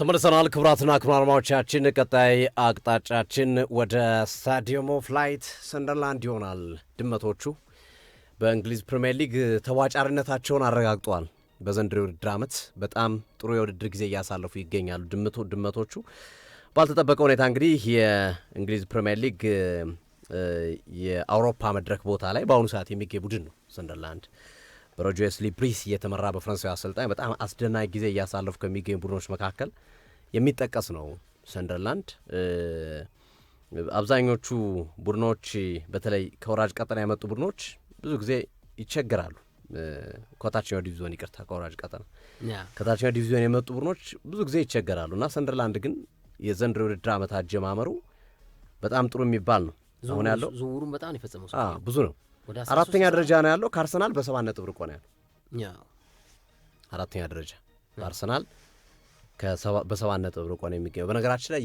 ተመልሰናል። ክቡራትና ክቡራን አድማጮቻችን፣ ቀጣይ አቅጣጫችን ወደ ስታዲየም ኦፍ ላይት ሰንደርላንድ ይሆናል። ድመቶቹ በእንግሊዝ ፕሪምየር ሊግ ተዋጫሪነታቸውን አረጋግጠዋል። በዘንድሮ የውድድር ዓመት በጣም ጥሩ የውድድር ጊዜ እያሳለፉ ይገኛሉ። ድመቶቹ ባልተጠበቀ ሁኔታ እንግዲህ የእንግሊዝ ፕሪምየር ሊግ የአውሮፓ መድረክ ቦታ ላይ በአሁኑ ሰዓት የሚገኝ ቡድን ነው ሰንደርላንድ በሮጀርስ ሊፕሪስ እየተመራ በፈረንሳዊ አሰልጣኝ በጣም አስደናቂ ጊዜ እያሳለፉ ከሚገኙ ቡድኖች መካከል የሚጠቀስ ነው። ሰንደርላንድ አብዛኞቹ ቡድኖች በተለይ ከወራጅ ቀጠና የመጡ ቡድኖች ብዙ ጊዜ ይቸግራሉ። ከታችኛው ዲቪዚዮን ይቅርታ፣ ከወራጅ ቀጠና ከታችኛው ዲቪዚዮን የመጡ ቡድኖች ብዙ ጊዜ ይቸገራሉ እና ሰንደርላንድ ግን የዘንድሮ ውድድር ዓመት አጀማመሩ በጣም ጥሩ የሚባል ነው። አሁን ያለው ዝውውሩም በጣም የፈጸመው ብዙ ነው አራተኛ ደረጃ ነው ያለው ከአርሰናል በሰባት ነጥብ ርቆ ነው ያለው። አራተኛ ደረጃ አርሰናል በሰባት ነጥብ ርቆ ነው የሚገኘው። በነገራችን ላይ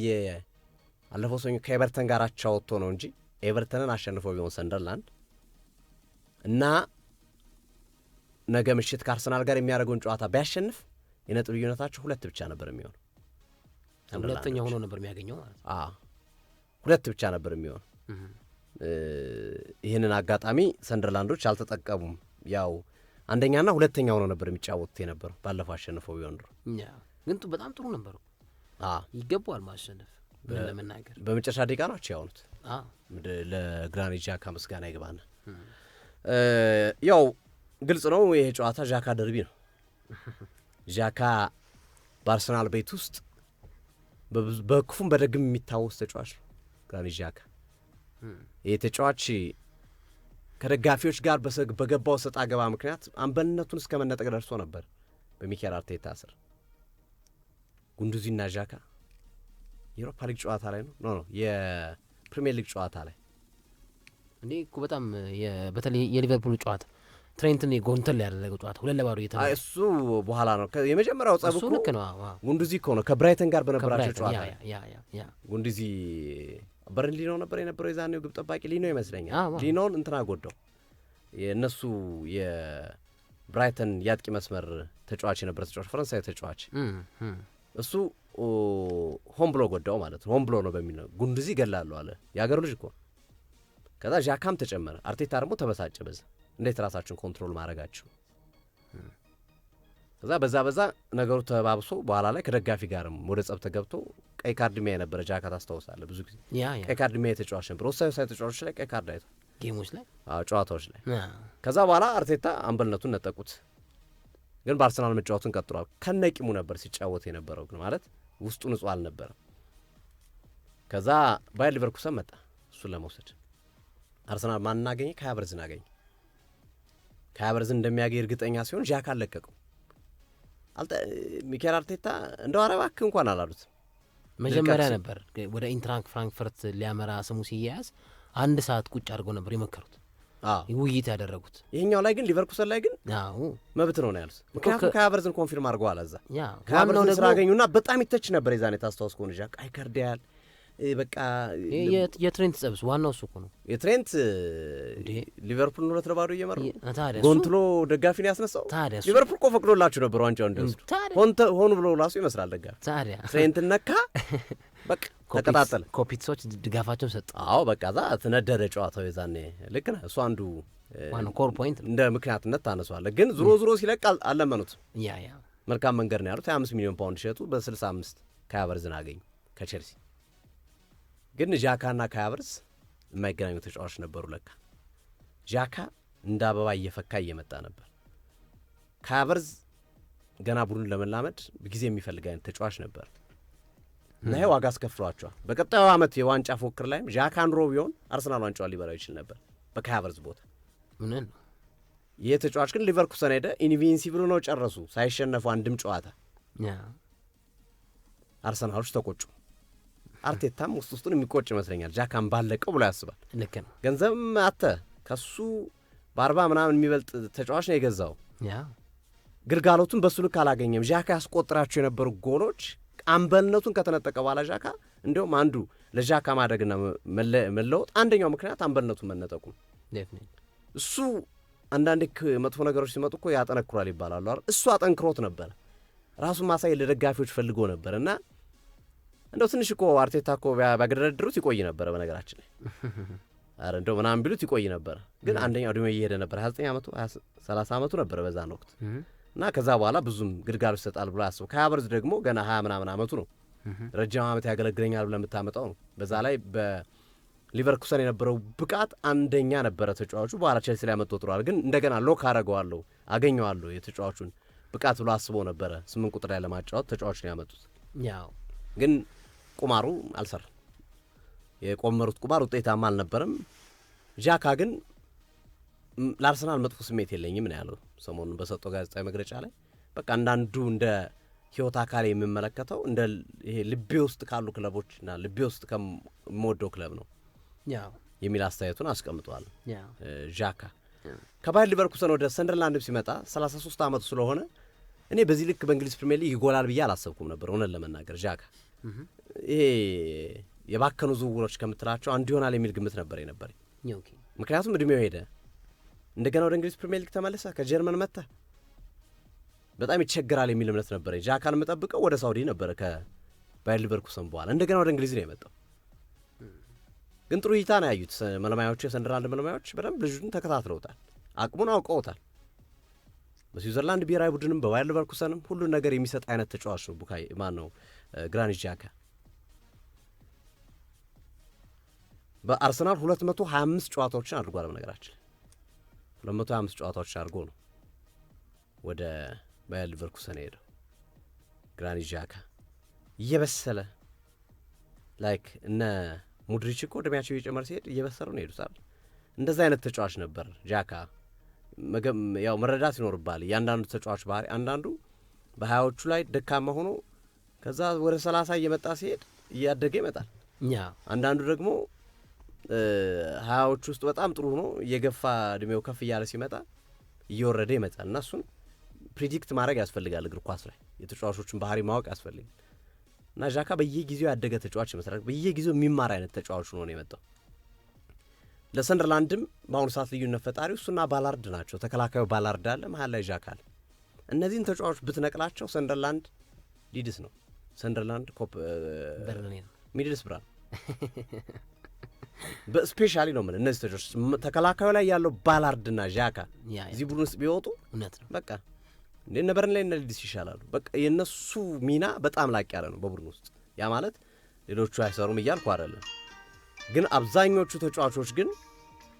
አለፈው ሰኞ ከኤቨርተን ጋር አቻ ወጥቶ ነው እንጂ ኤቨርተንን አሸንፎ ቢሆን ሰንደርላንድ እና ነገ ምሽት ከአርሰናል ጋር የሚያደርገውን ጨዋታ ቢያሸንፍ የነጥብ ልዩነታቸው ሁለት ብቻ ነበር የሚሆነው። ሁለተኛ ሆኖ ነበር የሚያገኘው ማለት ሁለት ብቻ ነበር የሚሆነው። ይህንን አጋጣሚ ሰንደርላንዶች አልተጠቀሙም። ያው አንደኛና ሁለተኛ ሆኖ ነበር የሚጫወቱት የነበረው ባለፈው አሸንፈው ቢሆን ድሮ ግን በጣም ጥሩ ነበሩ። ይገባዋል ማሸነፍ ለመናገር በመጨረሻ ደቂቃ ናቸው ያሆኑት። ለግራኒት ዣካ ምስጋና ይግባና ያው ግልጽ ነው ይሄ ጨዋታ ዣካ ደርቢ ነው። ዣካ በአርሰናል ቤት ውስጥ በክፉም በደግም የሚታወስ ተጫዋች ነው ግራኒት ዣካ የተጫዋች ከደጋፊዎች ጋር በገባው ሰጣ ገባ ምክንያት አምበልነቱን እስከ መነጠቅ ደርሶ ነበር። በሚኬል አርቴታ ስር ጉንዱዚና ዣካ የአውሮፓ ሊግ ጨዋታ ላይ ነው ኖ ኖ የፕሪሚየር ሊግ ጨዋታ ላይ እኔ እኮ በጣም በተለይ የሊቨርፑል ጨዋታ ትሬንትን ጎንተል ያደረገው ጨዋታ ሁለት ለባዶ እየተ እሱ በኋላ ነው የመጀመሪያው ጸብ ነው። ጉንዱዚ እኮ ነው ከብራይተን ጋር በነበራቸው ጨዋታ ጉንዱዚ በርን ሊኖ ነበር የነበረው የዛኔው ግብ ጠባቂ ሊኖ ይመስለኛል። ሊኖን እንትና ጎዳው። የእነሱ የብራይተን የአጥቂ መስመር ተጫዋች የነበረ ተጫዋች ፈረንሳዊ ተጫዋች እሱ ሆን ብሎ ጎዳው ማለት ነው። ሆን ብሎ ነው በሚል ነው ጉንዱዚ አለ የሀገሩ ልጅ እኮ። ከዛ ዣካም ተጨመረ። አርቴታ ደግሞ ተበሳጨ። በዛ እንዴት ራሳችሁን ኮንትሮል ማድረጋችሁ? ከዛ በዛ በዛ ነገሩ ተባብሶ በኋላ ላይ ከደጋፊ ጋርም ወደ ጸብ ተገብቶ ቀይ ካርድ ሚያ የነበረ ጃካ ታስታውሳለህ? ብዙ ጊዜ ቀይ ካርድ ሚያ የተጫዋች ነበር። ወሳኝ ወሳኝ ተጫዋቾች ላይ ቀይ ካርድ አይቷል፣ ጌሞች ላይ፣ ጨዋታዎች ላይ። ከዛ በኋላ አርቴታ አምበልነቱን ነጠቁት፣ ግን በአርሰናል መጫወቱን ቀጥሏል። ከነቂሙ ነበር ሲጫወት የነበረው ግን ማለት ውስጡ ንጹህ አልነበረም። ከዛ ባየር ሊቨርኩሰን መጣ እሱን ለመውሰድ። አርሰናል ማንን አገኘ? ከሀቨርትዝን አገኘ። ከሀቨርትዝን እንደሚያገኝ እርግጠኛ ሲሆን ዣካ አለቀቀው። ሚኬል አርቴታ እንደው አረባክ እንኳን አላሉት መጀመሪያ ነበር ወደ ኢንትራንክ ፍራንክፈርት ሊያመራ ስሙ ሲያያዝ አንድ ሰዓት ቁጭ አድርገው ነበር የመከሩት ውይይት ያደረጉት። ይህኛው ላይ ግን ሊቨርኩሰን ላይ ግን መብት ነው ነው ያሉት። ምክንያቱም ከሀቨርዝን ኮንፊርም አድርገዋል። እዛ ከሀቨርዝን ስራ አገኙና በጣም ይተች ነበር የዛኔ ታስታውስ ከሆነ ዣክ አይከርዲያል በቃ የትሬንት ጸብስ ዋናው እሱ እኮ ነው። የትሬንት ሊቨርፑል ኑረት ለባዶ እየመራ ጎንትሎ ደጋፊን ያስነሳው። ታዲያ ሊቨርፑል እኮ ፈቅዶላችሁ ነበር ዋንጫው እንዲወስዱ ሆኑ ብሎ ራሱ ይመስላል ደጋፊ። ታዲያ ትሬንት ነካ፣ በቃ ተቀጣጠለ። ኮፒትሶች ድጋፋቸውን ሰጡ። አዎ በቃ ዛ ተነደደ ጨዋታው የዛኔ። ልክ ነህ። እሱ አንዱ ኮር ፖይንት እንደ ምክንያትነት ታነሷለህ። ግን ዝሮ ዝሮ ሲለቅ አለመኑት። መልካም መንገድ ነው ያሉት። 25 ሚሊዮን ፓውንድ ሸጡ። አምስት ከያበርዝን አገኙ ከቼልሲ ግን ና ካያብርስ የማይገናኙ ተጫዋች ነበሩ። ለካ ዣካ እንደ አበባ እየፈካ እየመጣ ነበር። ካያብርዝ ገና ቡድን ለመላመድ ጊዜ የሚፈልግ አይነት ተጫዋች ነበር እና ዋጋ አስከፍሏቸዋል። በቀጣዩ ዓመት የዋንጫ ፉክክር ላይም ዣካ ሮ ቢሆን አርሰናል ዋንጫዋን ሊበላው ይችል ነበር በካያብርዝ ቦታ። ምንን ይህ ተጫዋች ግን ሊቨርኩሰን ሄደ። ኢንቪንሲብል ነው፣ ጨረሱ ሳይሸነፉ አንድም ጨዋታ። አርሰናሎች ተቆጩ። አርቴታም ውስጥ ውስጡን የሚቆጭ ይመስለኛል። ጃካን ባለቀው ብሎ ያስባል። ልክ ነው። ገንዘብም አተ ከሱ በአርባ ምናምን የሚበልጥ ተጫዋች ነው የገዛው። ግልጋሎቱን በሱ ልክ አላገኘም። ዣካ ያስቆጥራቸው የነበሩ ጎሎች አንበልነቱን ከተነጠቀ በኋላ ዣካ እንዲሁም አንዱ ለዣካ ማደግና መለወጥ አንደኛው ምክንያት አንበልነቱን መነጠቁ እሱ አንዳንዴ መጥፎ ነገሮች ሲመጡ እኮ ያጠነክሯል ይባላሉ። እሱ አጠንክሮት ነበረ። ራሱን ማሳየት ለደጋፊዎች ፈልጎ ነበር እና እንደው ትንሽ እኮ አርቴታ እኮ ባገደረድሩት ይቆይ ነበረ። በነገራችን ላይ አረ እንደው ምናምን ቢሉት ይቆይ ነበረ። ግን አንደኛው እድሜ እየሄደ ነበር። ሀያ ዓመቱ ሰላሳ ዓመቱ ነበረ በዛን ወቅት እና ከዛ በኋላ ብዙም ግልጋሎት ይሰጣል ብሎ ያስቡ። ከሀያ በርዝ ደግሞ ገና ሀያ ምናምን ዓመቱ ነው። ረጅም ዓመት ያገለግለኛል ብለ የምታመጣው ነው። በዛ ላይ በሊቨርኩሰን የነበረው ብቃት አንደኛ ነበረ ተጫዋቹ። በኋላ ቼልሲ ላይ መጥቶ ጥሯል። ግን እንደገና ሎክ አረገዋለሁ አገኘዋለሁ የተጫዋቹን ብቃት ብሎ አስቦ ነበረ ስምንት ቁጥር ላይ ለማጫወት ተጫዋቹን ያመጡት ያው ግን ቁማሩ አልሰራም የቆመሩት ቁማር ውጤታማ አልነበረም። ዣካ ግን ለአርሰናል መጥፎ ስሜት የለኝም ነው ያለው ሰሞኑን በሰጠው ጋዜጣዊ መግለጫ ላይ። በቃ እንዳንዱ እንደ ህይወት አካል የምመለከተው እንደ ይሄ ልቤ ውስጥ ካሉ ክለቦች እና ልቤ ውስጥ ከምወደው ክለብ ነው የሚል አስተያየቱን አስቀምጠዋል። ዣካ ከባየር ሊቨርኩሰን ወደ ሰንደርላንድም ሲመጣ 33 ዓመቱ ስለሆነ እኔ በዚህ ልክ በእንግሊዝ ፕሪሚየር ሊግ ይጎላል ብዬ አላሰብኩም ነበር። እውነት ለመናገር ዣካ ይሄ የባከኑ ዝውውሮች ከምትላቸው አንዱ ይሆናል የሚል ግምት ነበር የነበረኝ። ምክንያቱም እድሜው ሄደ፣ እንደገና ወደ እንግሊዝ ፕሪሚየር ሊግ ተመለሰ፣ ከጀርመን መጥተ በጣም ይቸገራል የሚል እምነት ነበረ ጃካን መጠብቀው ወደ ሳውዲ ነበረ ከባየር ሊቨርኩሰን በኋላ እንደገና ወደ እንግሊዝ ነው የመጣው። ግን ጥሩ እይታ ነው ያዩት መለማዮቹ፣ የሰንደርላንድ መለማዮች በደንብ ልጁን ተከታትለውታል፣ አቅሙን አውቀውታል። በስዊዘርላንድ ብሔራዊ ቡድንም በባየር ሊቨርኩሰንም ሁሉን ነገር የሚሰጥ አይነት ተጫዋች ነው ቡካይ ማን ነው ግራኒት ጃካ። በአርሰናል 225 ጨዋታዎችን አድርጓል። በነገራችን 225 ጨዋታዎችን አድርጎ ነው ወደ ባየር ሊቨርኩሰን ሄደው ግራኒት ዣካ እየበሰለ ላይክ እነ ሙድሪች እኮ እድሜያቸው እየጨመረ ሲሄድ እየበሰሉ ነው ሄዱት አይደል? እንደዛ አይነት ተጫዋች ነበር ጃካ። ያው መረዳት ይኖርባል እያንዳንዱ ተጫዋች ባህሪ። አንዳንዱ በሀያዎቹ ላይ ደካማ ሆኖ ከዛ ወደ ሰላሳ እየመጣ ሲሄድ እያደገ ይመጣል። አንዳንዱ ደግሞ ሀያዎች ውስጥ በጣም ጥሩ ነው። የገፋ እድሜው ከፍ እያለ ሲመጣ እየወረደ ይመጣል እና እሱን ፕሪዲክት ማድረግ ያስፈልጋል። እግር ኳስ ላይ የተጫዋቾችን ባህሪ ማወቅ ያስፈልጋል እና ዣካ በየጊዜው ያደገ ተጫዋች ይመስላል። በየጊዜው የሚማር አይነት ተጫዋች ሆኖ ነው የመጣው። ለሰንደርላንድም በአሁኑ ሰዓት ልዩነት ፈጣሪ እሱና ባላርድ ናቸው። ተከላካዩ ባላርድ አለ፣ መሀል ላይ ዣካ አለ። እነዚህን ተጫዋቾች ብትነቅላቸው ሰንደርላንድ ሊድስ ነው። ሰንደርላንድ ኮፕ ሚድልስ ብራ በስፔሻሊ ነው ምን እነዚህ ተጫዋቾች ተከላካዩ ላይ ያለው ባላርድና ዣካ እዚህ ቡድን ውስጥ ቢወጡ እውነት ነው በቃ እንዴ ነበርን ላይ ነዲስ ይሻላሉ። በቃ የእነሱ ሚና በጣም ላቅ ያለ ነው በቡድን ውስጥ ያ ማለት ሌሎቹ አይሰሩም እያልኩ አይደለም፣ ግን አብዛኞቹ ተጫዋቾች ግን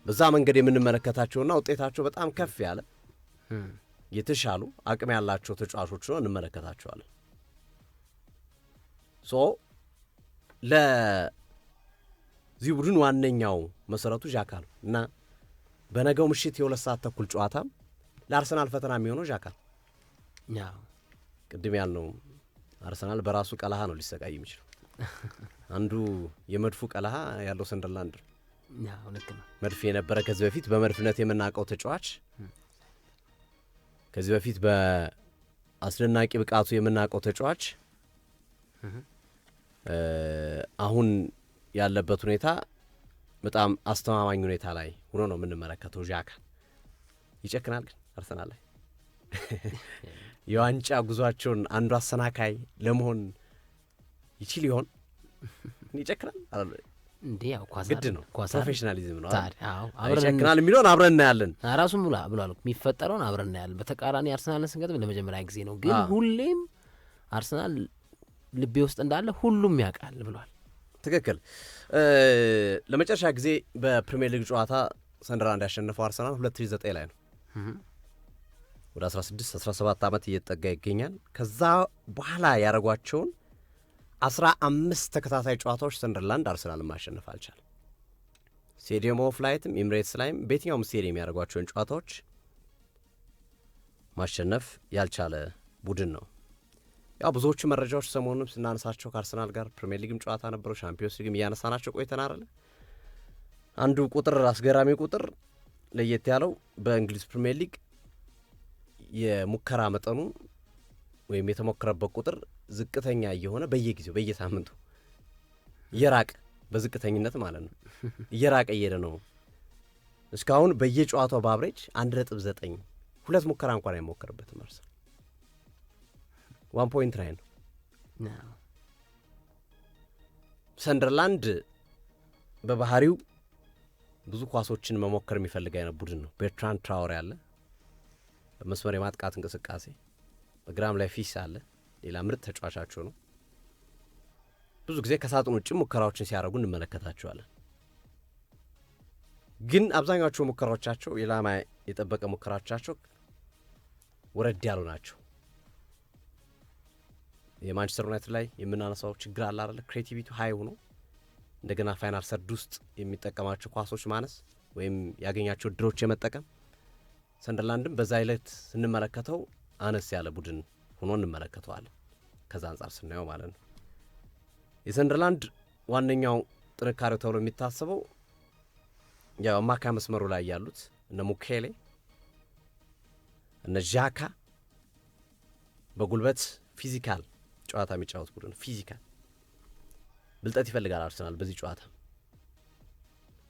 በዛ መንገድ የምንመለከታቸውና ውጤታቸው በጣም ከፍ ያለ የተሻሉ አቅም ያላቸው ተጫዋቾች ነው እንመለከታቸዋለን ሶ እዚህ ቡድን ዋነኛው መሰረቱ ዣካ ነው እና በነገው ምሽት የሁለት ሰዓት ተኩል ጨዋታ ለአርሰናል ፈተና የሚሆነው ዣካ ቅድም ያልነው አርሰናል በራሱ ቀለሃ ነው ሊሰቃይ የሚችለው። አንዱ የመድፉ ቀለሃ ያለው ሰንደርላንድ ነው። መድፍ የነበረ ከዚህ በፊት በመድፍነት የምናውቀው ተጫዋች ከዚህ በፊት በአስደናቂ ብቃቱ የምናውቀው ተጫዋች አሁን ያለበት ሁኔታ በጣም አስተማማኝ ሁኔታ ላይ ሆኖ ነው የምንመለከተው። ዣካ ይጨክናል፣ ግን አርሰናል ላይ የዋንጫ ጉዟቸውን አንዱ አሰናካይ ለመሆን ይችል ይሆን? ይጨክናል እንዴ? ያው ግድ ነው፣ ፕሮፌሽናሊዝም ነው። ይጨክናል የሚለውን አብረን እናያለን። ራሱም ብሏል፣ የሚፈጠረውን አብረን እናያለን። በተቃራኒ አርሰናልን ስንገጥም ለመጀመሪያ ጊዜ ነው፣ ግን ሁሌም አርሰናል ልቤ ውስጥ እንዳለ ሁሉም ያውቃል ብሏል። ትክክል። ለመጨረሻ ጊዜ በፕሪሚየር ሊግ ጨዋታ ሰንደርላንድ ያሸነፈው አርሰናል 2009 ላይ ነው። ወደ 16 17 ዓመት እየጠጋ ይገኛል። ከዛ በኋላ ያደረጓቸውን 15 ተከታታይ ጨዋታዎች ሰንደርላንድ አርሰናል ማሸነፍ አልቻለም። ስቴዲየም ኦፍ ላይትም ኤሚሬትስ ላይም በየትኛውም ስቴዲየም ያደረጓቸውን ጨዋታዎች ማሸነፍ ያልቻለ ቡድን ነው ያው ብዙዎቹ መረጃዎች ሰሞኑን ስናነሳቸው ከአርሰናል ጋር ፕሪሚየር ሊግም ጨዋታ ነበረው፣ ሻምፒዮንስ ሊግም እያነሳናቸው አለ። አንዱ ቁጥር አስገራሚ ቁጥር ለየት ያለው በእንግሊዝ ፕሪሚየር ሊግ የሙከራ መጠኑ ወይም የተሞከረበት ቁጥር ዝቅተኛ እየሆነ በየጊዜው በየሳምንቱ እየራቀ በዝቅተኝነት ማለት ነው እየራቀ እየሄደ ነው። እስካሁን በየጨዋታው በአብሬጅ አንድ ነጥብ ዘጠኝ ሁለት ሙከራ እንኳን አይሞከርበትም አርሰናል ዋን ፖይንት ራይ ነው። ሰንደርላንድ በባህሪው ብዙ ኳሶችን መሞከር የሚፈልግ አይነት ቡድን ነው። ቤርትራንድ ትራወር አለ፣ በመስመር የማጥቃት እንቅስቃሴ በግራም ላይ ፊስ አለ፣ ሌላ ምርጥ ተጫዋቻቸው ነው። ብዙ ጊዜ ከሳጥን ውጭ ሙከራዎችን ሲያደርጉ እንመለከታቸዋለን። ግን አብዛኛዎቹ ሙከራዎቻቸው ኢላማ የጠበቀ ሙከራዎቻቸው ወረድ ያሉ ናቸው። የማንቸስተር ዩናይትድ ላይ የምናነሳው ችግር አለ አይደለ? ክሬቲቪቲ ሀይ ሆኖ እንደገና ፋይናል ሰርድ ውስጥ የሚጠቀማቸው ኳሶች ማነስ ወይም ያገኛቸው ድሮች የመጠቀም ሰንደርላንድም በዛ አይለት ስንመለከተው አነስ ያለ ቡድን ሆኖ እንመለከተዋለን። ከዛ አንጻር ስናየው ማለት ነው የሰንደርላንድ ዋነኛው ጥንካሬው ተብሎ የሚታሰበው ያው አማካይ መስመሩ ላይ ያሉት እነ ሙኬሌ እነ ዣካ በጉልበት ፊዚካል ጨዋታ የሚጫወት ቡድን ፊዚካል ብልጠት ይፈልጋል። አርሰናል በዚህ ጨዋታ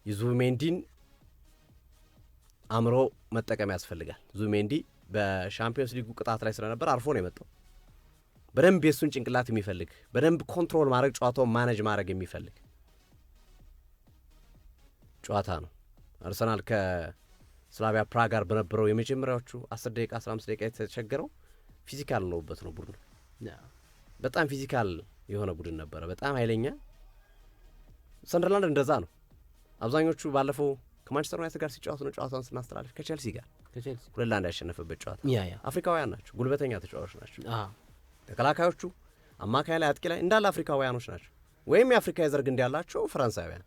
የዙሜንዲን አእምሮ መጠቀም ያስፈልጋል። ዙሜንዲ በሻምፒዮንስ ሊጉ ቅጣት ላይ ስለነበር አርፎ ነው የመጣው። በደንብ የእሱን ጭንቅላት የሚፈልግ በደንብ ኮንትሮል ማድረግ ጨዋታውን ማነጅ ማድረግ የሚፈልግ ጨዋታ ነው። አርሰናል ከስላቪያ ፕራ ጋር በነበረው የመጀመሪያዎቹ 10 ደቂቃ 15 ደቂቃ የተቸገረው ፊዚካል ነውበት ነው ቡድኑ በጣም ፊዚካል የሆነ ቡድን ነበረ፣ በጣም ኃይለኛ። ሰንደርላንድ እንደዛ ነው። አብዛኞቹ ባለፈው ከማንቸስተር ዩናይትድ ጋር ሲጫወት ነው ጨዋታውን ስናስተላልፍ ከቼልሲ ጋር ሁለት ለአንድ ያሸነፈበት ጨዋታ። አፍሪካውያን ናቸው፣ ጉልበተኛ ተጫዋቾች ናቸው። ተከላካዮቹ፣ አማካይ ላይ፣ አጥቂ ላይ እንዳለ አፍሪካውያኖች ናቸው፣ ወይም የአፍሪካ የዘርግ እንዲያላቸው ፈረንሳውያን።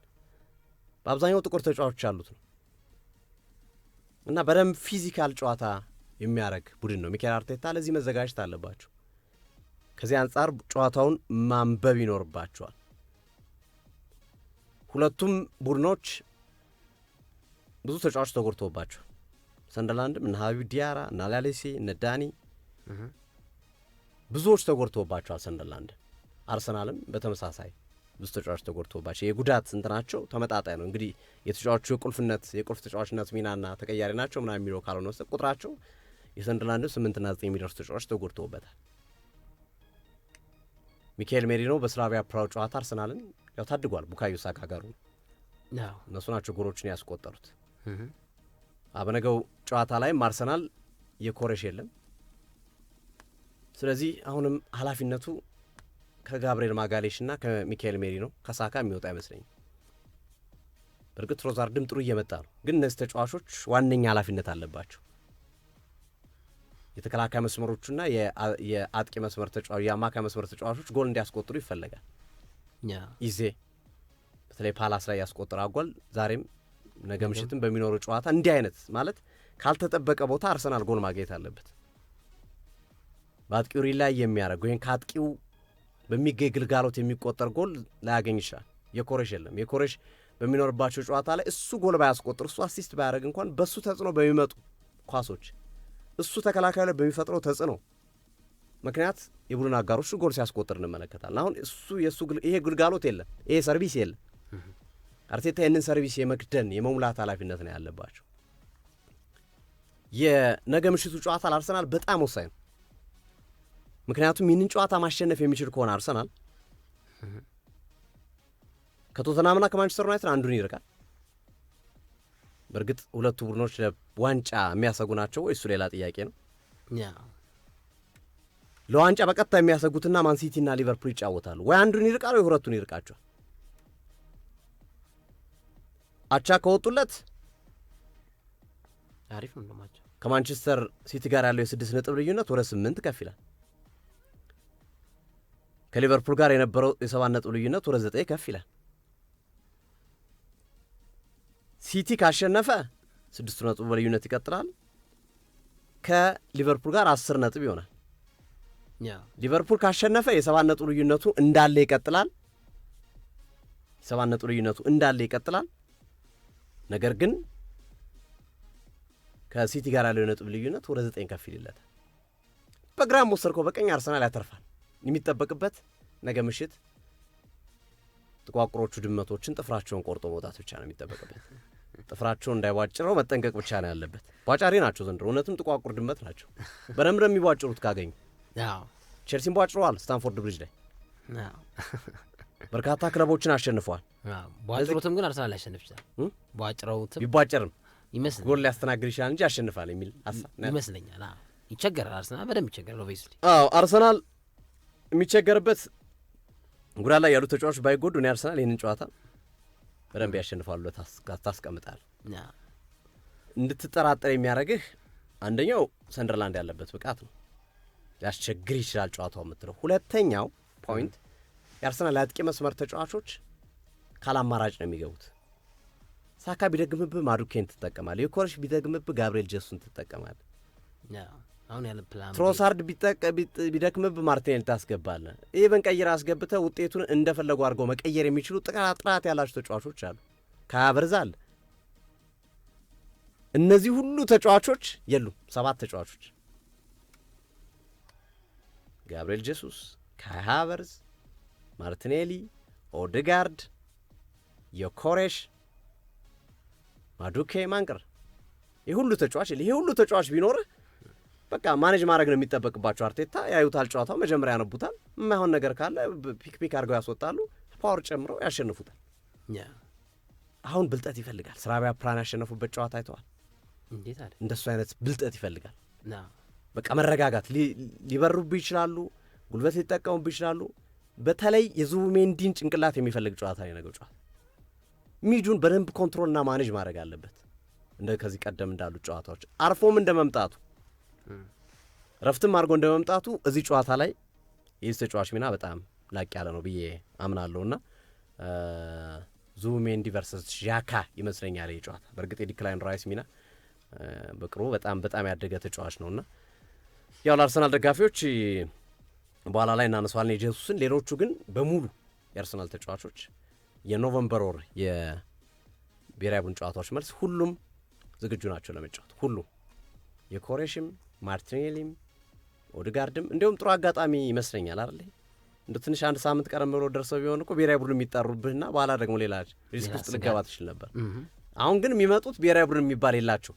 በአብዛኛው ጥቁር ተጫዋቾች ያሉት ነው እና በደንብ ፊዚካል ጨዋታ የሚያደርግ ቡድን ነው። ሚኬል አርቴታ ለዚህ መዘጋጀት አለባቸው። ከዚህ አንጻር ጨዋታውን ማንበብ ይኖርባቸዋል። ሁለቱም ቡድኖች ብዙ ተጫዋች ተጎድቶባቸዋል። ሰንደርላንድም እነ ሀቢብ ዲያራ እነ አላሌሴ እነ ዳኒ ብዙዎች ተጎድቶባቸዋል። ሰንደርላንድ አርሰናልም በተመሳሳይ ብዙ ተጫዋች ተጎድቶባቸው የጉዳት እንትናቸው ተመጣጣኝ ነው። እንግዲህ የተጫዋቹ የቁልፍነት የቁልፍ ተጫዋችነት ሚናና ተቀያሪ ናቸው ምናምን የሚለው ካልሆነ ውስጥ ቁጥራቸው የሰንደርላንድም ስምንትና ዘጠኝ የሚደርሱ ተጫዋች ተጎድቶበታል። ሚካኤል ሜሪኖ በስላቪያ ፕራው ጨዋታ አርሰናልን ያው ታድጓል። ቡካዮ ሳካ ጋሩ እነሱ ናቸው ጎሮችን ያስቆጠሩት። አበነገው ጨዋታ ላይም አርሰናል የኮረሽ የለም። ስለዚህ አሁንም ኃላፊነቱ ከጋብርኤል ማጋሌሽ እና ከሚካኤል ሜሪኖ ከሳካ የሚወጣ አይመስለኝም። በእርግጥ ሮዛርድም ጥሩ እየመጣ ነው፣ ግን እነዚህ ተጫዋቾች ዋነኛ ኃላፊነት አለባቸው። የተከላካይ መስመሮቹና የአጥቂ መስመር ተጫዋ የአማካይ መስመር ተጫዋቾች ጎል እንዲያስቆጥሩ ይፈለጋል። ይዜ በተለይ ፓላስ ላይ ያስቆጠረ ጎል ዛሬም ነገ ምሽትም በሚኖረው ጨዋታ እንዲህ አይነት ማለት ካልተጠበቀ ቦታ አርሰናል ጎል ማግኘት አለበት። በአጥቂው ላይ የሚያደርገው ወይም ከአጥቂው በሚገኝ ግልጋሎት የሚቆጠር ጎል ላያገኝ ይችላል። የኮሬሽ የለም። የኮሬሽ በሚኖርባቸው ጨዋታ ላይ እሱ ጎል ባያስቆጥር እሱ አሲስት ባያደርግ እንኳን በእሱ ተጽዕኖ በሚመጡ ኳሶች እሱ ተከላካዩ ላይ በሚፈጥረው ተጽዕኖ ምክንያት የቡድን አጋሮቹ ጎል ሲያስቆጥር እንመለከታለን። አሁን እሱ የእሱ ይሄ ግልጋሎት የለም፣ ይሄ ሰርቪስ የለም። አርቴታ ይህንን ሰርቪስ የመክደን የመሙላት ኃላፊነት ነው ያለባቸው። የነገ ምሽቱ ጨዋታ ለአርሰናል በጣም ወሳኝ ነው። ምክንያቱም ይህንን ጨዋታ ማሸነፍ የሚችል ከሆነ አርሰናል ከቶተናምና ከማንቸስተር ዩናይትድ አንዱን ይርቃል። በእርግጥ ሁለቱ ቡድኖች ዋንጫ የሚያሰጉ ናቸው ወይ? እሱ ሌላ ጥያቄ ነው። ለዋንጫ በቀጥታ የሚያሰጉትና ማንሲቲና ሊቨርፑል ይጫወታሉ ወይ? አንዱን ይርቃል ወይ ሁለቱን ይርቃቸዋል። አቻ ከወጡለት አሪፍ ነው። ከማንቸስተር ሲቲ ጋር ያለው የስድስት ነጥብ ልዩነት ወደ ስምንት ከፍ ይላል። ከሊቨርፑል ጋር የነበረው የሰባት ነጥብ ልዩነት ወደ ዘጠኝ ከፍ ይላል። ሲቲ ካሸነፈ ስድስቱ ነጥብ በልዩነት ይቀጥላል። ከሊቨርፑል ጋር አስር ነጥብ ይሆናል። ሊቨርፑል ካሸነፈ የሰባት ነጥብ ልዩነቱ እንዳለ ይቀጥላል። የሰባት ነጥብ ልዩነቱ እንዳለ ይቀጥላል። ነገር ግን ከሲቲ ጋር ያለው የነጥብ ልዩነት ወደ ዘጠኝ ከፍ ይልለታል። በግራም ወሰድኮ በቀኝ አርሰናል ያተርፋል። የሚጠበቅበት ነገ ምሽት ጥቋቁሮቹ ድመቶችን ጥፍራቸውን ቆርጦ መውጣት ብቻ ነው የሚጠበቅበት። ጥፍራቸው እንዳይቧጭረው መጠንቀቅ ብቻ ነው ያለበት። ቧጫሪ ናቸው ዘንድሮ፣ እውነትም ጥቋቁር ድመት ናቸው። በደንብ ነው የሚቧጭሩት ካገኙ። ቼልሲን ቧጭረዋል፣ ስታንፎርድ ብሪጅ ላይ በርካታ ክለቦችን አሸንፈዋል። ቧጭሩትም ግን አርሰናል ያሸንፍ ይችላል። ቧጭረውትም ቢቧጭርም ይመስል ጎል ሊያስተናግድ ይችላል እንጂ ያሸንፋል የሚል ይመስለኛል። ይቸገራል፣ አርሰናል በደንብ ይቸገራል። ኦብቪየስሊ አዎ፣ አርሰናል የሚቸገርበት ጉዳት ላይ ያሉት ተጫዋቾች ባይጎዱ እኔ አርሰናል ይህንን ጨዋታ በደንብ ያሸንፋሉ ታስቀምጣል። እንድትጠራጠር የሚያደርግህ አንደኛው ሰንደርላንድ ያለበት ብቃት ነው። ሊያስቸግር ይችላል ጨዋታው የምትለው። ሁለተኛው ፖይንት የአርሰናል የአጥቂ መስመር ተጫዋቾች ካላማራጭ ነው የሚገቡት። ሳካ ቢደግምብህ ማዱኬን ትጠቀማል። የኮረሽ ቢደግምብህ ጋብርኤል ጀሱን ትጠቀማል። አሁን ያለ ፕላን ትሮሳርድ ቢደክምብ ማርቲኔል ታስገባለ። ይህ በንቀይር አስገብተ ውጤቱን እንደፈለጉ አድርገው መቀየር የሚችሉ ጥራት ጥራት ያላቸው ተጫዋቾች አሉ። ካያበርዛል እነዚህ ሁሉ ተጫዋቾች የሉ ሰባት ተጫዋቾች ጋብርኤል ጄሱስ፣ ካይ ማርቲኔሊ፣ ኦድጋርድ፣ የኮሬሽ፣ ማዱኬ ማንቅር ይህ ሁሉ ተጫዋች ይህ ሁሉ ተጫዋች ቢኖርህ በቃ ማኔጅ ማድረግ ነው የሚጠበቅባቸው። አርቴታ ያዩታል፣ ጨዋታው መጀመሪያ ያነቡታል። የማይሆን ነገር ካለ ፒክ ፒክ አድርገው ያስወጣሉ፣ ፓወር ጨምረው ያሸንፉታል። አሁን ብልጠት ይፈልጋል። ስራቢያ ፕራን ያሸነፉበት ጨዋታ አይተዋል። እንደሱ አይነት ብልጠት ይፈልጋል። በቃ መረጋጋት። ሊበሩብህ ይችላሉ፣ ጉልበት ሊጠቀሙብህ ይችላሉ። በተለይ የዙቢሜንዲን ጭንቅላት የሚፈልግ ጨዋታ የነገው ጨዋታ ሚጁን በደንብ ኮንትሮልና ማኔጅ ማድረግ አለበት። እንደ ከዚህ ቀደም እንዳሉት ጨዋታዎች አርፎም እንደ መምጣቱ ረፍትም አድርጎ እንደ መምጣቱ እዚህ ጨዋታ ላይ የዚህ ተጫዋች ሚና በጣም ላቅ ያለ ነው ብዬ አምናለሁ ና ዙሜንዲ ቨርሰስ ዣካ ይመስለኛል ይህ ጨዋታ። በእርግጥ የዲክላይን ራይስ ሚና በቅርቡ በጣም በጣም ያደገ ተጫዋች ነው ና ያው ለአርሰናል ደጋፊዎች በኋላ ላይ እናነሷዋለን የጀሱስን። ሌሎቹ ግን በሙሉ የአርሰናል ተጫዋቾች የኖቨምበር ወር የብሔራዊ ቡድን ጨዋታዎች መልስ ሁሉም ዝግጁ ናቸው ለመጫወት ሁሉ የኮሬሽም ማርቲኔሊም ኦድጋርድም እንዲሁም ጥሩ አጋጣሚ ይመስለኛል አይደል? እንደ ትንሽ አንድ ሳምንት ቀደም ብሎ ደርሰው ቢሆን እኮ ብሔራዊ ቡድን የሚጠሩብህና በኋላ ደግሞ ሌላ ሪስክ ውስጥ ልገባ ትችል ነበር። አሁን ግን የሚመጡት ብሔራዊ ቡድን የሚባል የላቸው።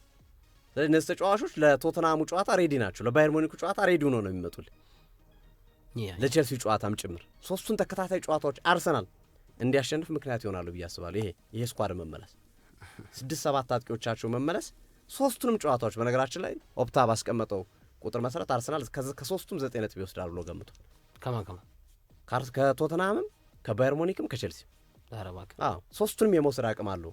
ስለዚህ እነዚህ ተጫዋቾች ለቶተናሙ ጨዋታ ሬዲ ናቸው፣ ለባየር ሞኒኩ ጨዋታ ሬዲ ሆነ ነው የሚመጡል፣ ለቼልሲ ጨዋታም ጭምር። ሶስቱን ተከታታይ ጨዋታዎች አርሰናል እንዲያሸንፍ ምክንያት ይሆናሉ ብዬ አስባለሁ። ይሄ ይሄ ስኳድ መመለስ ስድስት ሰባት አጥቂዎቻቸው መመለስ ሶስቱንም ጨዋታዎች በነገራችን ላይ ኦፕታ ባስቀመጠው ቁጥር መሰረት አርሰናል ከሶስቱም ዘጠኝ ነጥብ ይወስዳል ብሎ ገምቷል። ከማን ከማን? ከቶተናምም፣ ከባየር ሞኒክም፣ ከቼልሲም ሶስቱንም የመውሰድ አቅም አለው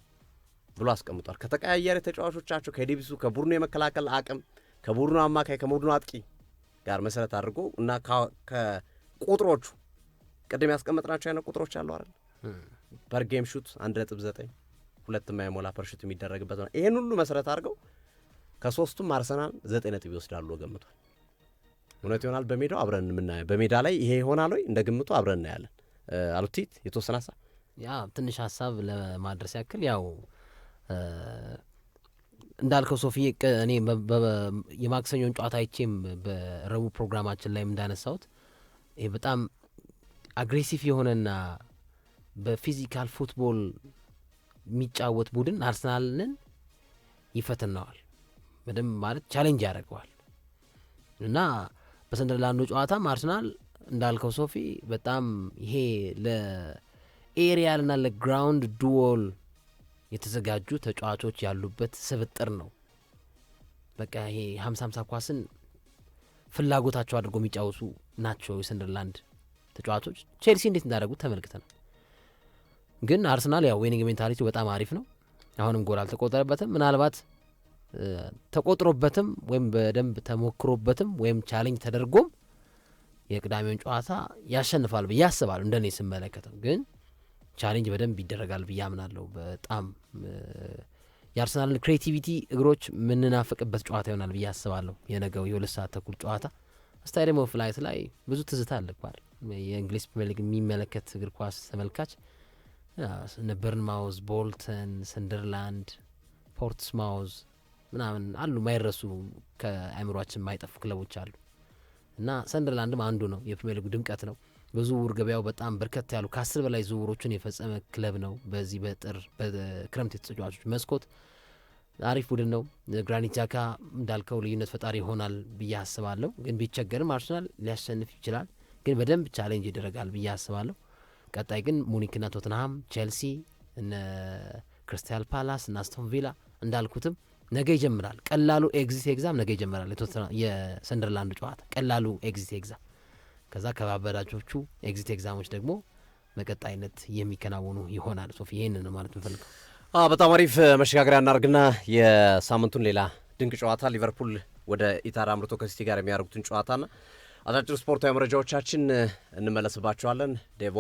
ብሎ አስቀምጧል። ከተቀያያሪ ተጫዋቾቻቸው ከዴቢሱ ከቡድኑ የመከላከል አቅም ከቡድኑ አማካይ ከቡድኑ አጥቂ ጋር መሰረት አድርጎ እና ከቁጥሮቹ ቅድም ያስቀመጥናቸው አይነት ቁጥሮች አሉ አይደል? ፐር ጌም ሹት አንድ ነጥብ ዘጠኝ ሁለት የማይሞላ ፐርሽት የሚደረግበት ነው። ይህን ሁሉ መሰረት አድርገው ከሶስቱም አርሰናል ዘጠኝ ነጥብ ይወስዳሉ ገምቷል። እውነት ይሆናል በሜዳው አብረን የምናየው በሜዳ ላይ ይሄ ይሆናል ወይ እንደ ግምቱ አብረን እናያለን። አሉቲት የተወሰነ ሀሳብ ያ ትንሽ ሀሳብ ለማድረስ ያክል ያው እንዳልከው ሶፊ እኔ የማክሰኞን ጨዋታ አይቼም በረቡዕ ፕሮግራማችን ላይም እንዳነሳሁት ይህ በጣም አግሬሲቭ የሆነና በፊዚካል ፉትቦል የሚጫወት ቡድን አርሰናልን ይፈትነዋል። ምንም ማለት ቻሌንጅ ያደርገዋል እና በሰንደርላንዱ ጨዋታም አርሰናል እንዳልከው ሶፊ በጣም ይሄ ለኤሪያልና ለግራውንድ ዱወል የተዘጋጁ ተጫዋቾች ያሉበት ስብጥር ነው። በቃ ይሄ ሀምሳ ሀምሳ ኳስን ፍላጎታቸው አድርጎ የሚጫወቱ ናቸው የሰንደርላንድ ተጫዋቾች። ቼልሲ እንዴት እንዳደረጉት ነው። ግን አርሰናል ያው ዊኒንግ ሜንታሊቲ በጣም አሪፍ ነው። አሁንም ጎል አልተቆጠረበትም። ምናልባት ተቆጥሮበትም ወይም በደንብ ተሞክሮበትም ወይም ቻሌንጅ ተደርጎም የቅዳሜውን ጨዋታ ያሸንፋል ብዬ አስባለሁ። እንደኔ ስመለከተው ግን ቻሌንጅ በደንብ ይደረጋል ብዬ አምናለሁ። በጣም የአርሰናልን ክሬቲቪቲ እግሮች የምንናፍቅበት ጨዋታ ይሆናል ብዬ አስባለሁ። የነገው የሁለት ሰዓት ተኩል ጨዋታ ስታዲየም ኦፍ ላይት ላይ ብዙ ትዝታ አለባል። የእንግሊዝ ፕሪሚየር ሊግ የሚመለከት እግር ኳስ ተመልካች እነ በርንማውዝ፣ ቦልተን፣ ሰንደርላንድ፣ ፖርትስማውዝ ምናምን አሉ ማይረሱ ከአእምሯችን የማይጠፉ ክለቦች አሉ እና ሰንደርላንድም አንዱ ነው። የፕሪሚየር ሊጉ ድምቀት ነው። በዝውውር ገበያው በጣም በርከት ያሉ ከአስር በላይ ዝውውሮችን የፈጸመ ክለብ ነው። በዚህ በጥር በክረምት የተጫዋቾች መስኮት አሪፍ ቡድን ነው። ግራኒት ጃካ እንዳልከው ልዩነት ፈጣሪ ይሆናል ብዬ አስባለሁ። ግን ቢቸገርም አርሰናል ሊያሸንፍ ይችላል። ግን በደንብ ቻሌንጅ ይደረጋል ብዬ አስባለሁ። ቀጣይ ግን ሙኒክና ቶትንሃም፣ ቼልሲ፣ እነ ክርስቲያል ፓላስ እና አስቶን ቪላ እንዳልኩትም ነገ ይጀምራል። ቀላሉ ኤግዚት ኤግዛም ነገ ይጀምራል። የሰንደርላንድ ጨዋታ ቀላሉ ኤግዚት ኤግዛም፣ ከዛ ከባበዳጆቹ ኤግዚት ኤግዛሞች ደግሞ በቀጣይነት የሚከናወኑ ይሆናል። ሶፊ ይህን ነው ማለት እንፈልገው። በጣም አሪፍ መሸጋገሪያ እናደርግና የሳምንቱን ሌላ ድንቅ ጨዋታ ሊቨርፑል ወደ ኢታር አምርቶ ከሲቲ ጋር የሚያደርጉትን ጨዋታና አጫጭር ስፖርታዊ መረጃዎቻችን እንመለስባቸዋለን ዴቦ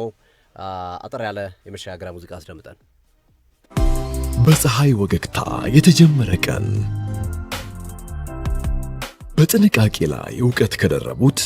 አጠር ያለ የመሸጋገሪያ ሙዚቃ አስደምጠን በፀሐይ ወገግታ የተጀመረ ቀን በጥንቃቄ ላይ እውቀት ከደረቡት